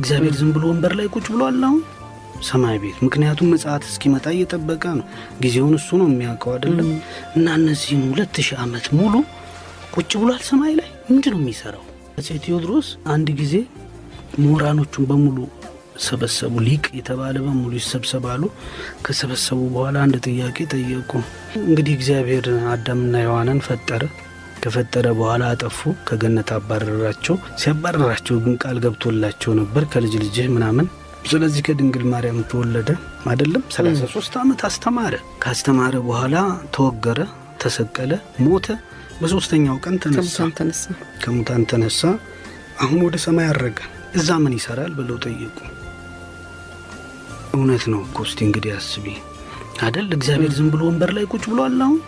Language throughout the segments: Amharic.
እግዚአብሔር ዝም ብሎ ወንበር ላይ ቁጭ ብሏል አሁን ሰማይ ቤት። ምክንያቱም መጽሐት እስኪመጣ እየጠበቀ ነው። ጊዜውን እሱ ነው የሚያውቀው አይደለም። እና እነዚህም ሁለት ሺህ ዓመት ሙሉ ቁጭ ብሏል ሰማይ ላይ ምንድ ነው የሚሰራው? አፄ ቴዎድሮስ አንድ ጊዜ ምሁራኖቹን በሙሉ ሰበሰቡ። ሊቅ የተባለ በሙሉ ይሰብሰባሉ። ከሰበሰቡ በኋላ አንድ ጥያቄ ጠየቁ። እንግዲህ እግዚአብሔር አዳምና ሔዋንን ፈጠረ ከፈጠረ በኋላ አጠፉ። ከገነት አባረራቸው። ሲያባረራቸው ግን ቃል ገብቶላቸው ነበር ከልጅ ልጅህ ምናምን ስለዚህ ከድንግል ማርያም ተወለደ አይደለም። 33 ዓመት አስተማረ። ካስተማረ በኋላ ተወገረ፣ ተሰቀለ፣ ሞተ። በሶስተኛው ቀን ተነሳ፣ ከሙታን ተነሳ። አሁን ወደ ሰማይ አረገ። እዛ ምን ይሰራል ብለው ጠየቁ። እውነት ነው እኮ እስቲ እንግዲህ አስቢ አደል፣ እግዚአብሔር ዝም ብሎ ወንበር ላይ ቁጭ ብሏል? አሁን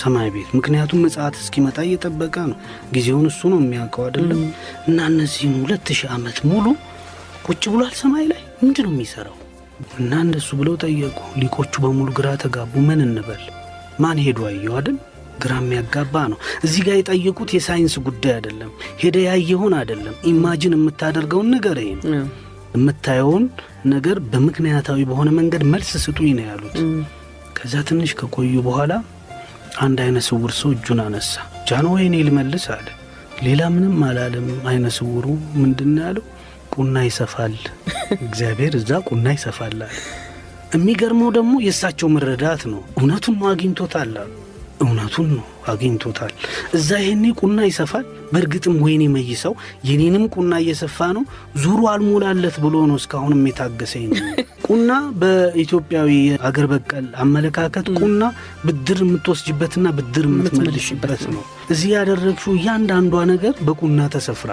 ሰማይ ቤት። ምክንያቱም መጽሐት እስኪመጣ እየጠበቀ ነው። ጊዜውን እሱ ነው የሚያውቀው አይደለም። እና እነዚህን ሁለት ሺህ ዓመት ሙሉ ቁጭ ብሏል ሰማይ ላይ ምንድ ነው የሚሰራው? እና እንደሱ ብለው ጠየቁ ሊቆቹ በሙሉ ግራ ተጋቡ። ምን እንበል? ማን ሄዱ አየው አይደል? ግራ የሚያጋባ ነው። እዚህ ጋር የጠየቁት የሳይንስ ጉዳይ አይደለም። ሄደ ያየሆን አይደለም። ኢማጂን የምታደርገውን ነገር ይ ነው የምታየውን ነገር በምክንያታዊ በሆነ መንገድ መልስ ስጡኝ ነው ያሉት። ከዛ ትንሽ ከቆዩ በኋላ አንድ አይነ ስውር ሰው እጁን አነሳ። ጃንሆይ እኔ ልመልስ አለ። ሌላ ምንም አላለም። አይነ ስውሩ ምንድን ያለው ቁና ይሰፋል፣ እግዚአብሔር እዛ ቁና ይሰፋል አለ። የሚገርመው ደግሞ የእሳቸው መረዳት ነው። እውነቱን ነው አግኝቶታል አሉ። እውነቱን ነው አግኝቶታል። እዛ ይሄኔ ቁና ይሰፋል። በእርግጥም ወይኔ መይሰው የኔንም ቁና እየሰፋ ነው፣ ዙሩ አልሞላለት ብሎ ነው እስካሁንም የታገሰኝ ነው ቁና በኢትዮጵያዊ አገር በቀል አመለካከት ቁና ብድር የምትወስጅበትና ብድር የምትመልሽበት ነው። እዚህ ያደረግሽው እያንዳንዷ ነገር በቁና ተሰፍራ፣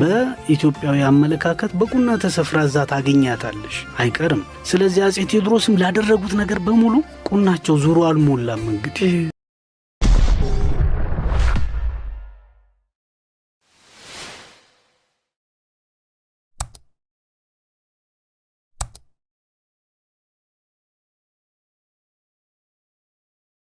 በኢትዮጵያዊ አመለካከት በቁና ተሰፍራ እዛ ታገኛታለሽ፣ አይቀርም። ስለዚህ አፄ ቴዎድሮስም ላደረጉት ነገር በሙሉ ቁናቸው ዙሮ አልሞላም እንግዲህ